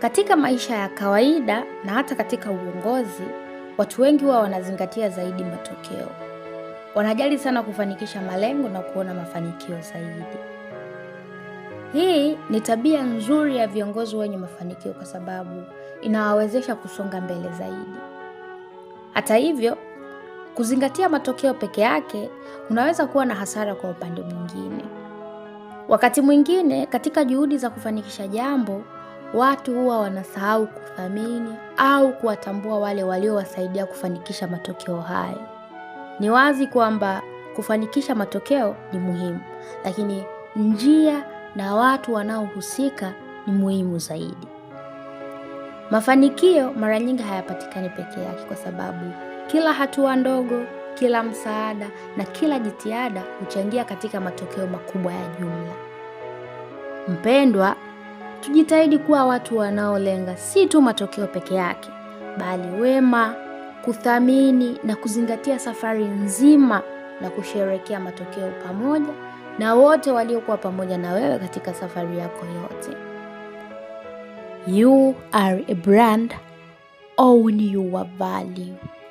Katika maisha ya kawaida na hata katika uongozi, watu wengi huwa wanazingatia zaidi matokeo. Wanajali sana kufanikisha malengo na kuona mafanikio zaidi. Hii ni tabia nzuri ya viongozi wenye mafanikio kwa sababu inawawezesha kusonga mbele zaidi. Hata hivyo, kuzingatia matokeo peke yake unaweza kuwa na hasara kwa upande mwingine. Wakati mwingine, katika juhudi za kufanikisha jambo, Watu huwa wanasahau kuthamini au kuwatambua wale waliowasaidia kufanikisha matokeo hayo. Ni wazi kwamba kufanikisha matokeo ni muhimu, lakini njia na watu wanaohusika ni muhimu zaidi. Mafanikio mara nyingi hayapatikani peke yake, kwa sababu kila hatua ndogo, kila msaada na kila jitihada huchangia katika matokeo makubwa ya jumla. Mpendwa, tujitahidi kuwa watu wanaolenga si tu matokeo peke yake, bali wema, kuthamini na kuzingatia safari nzima na kusherekea matokeo pamoja na wote waliokuwa pamoja na wewe katika safari yako yote. You are a brand, own your value.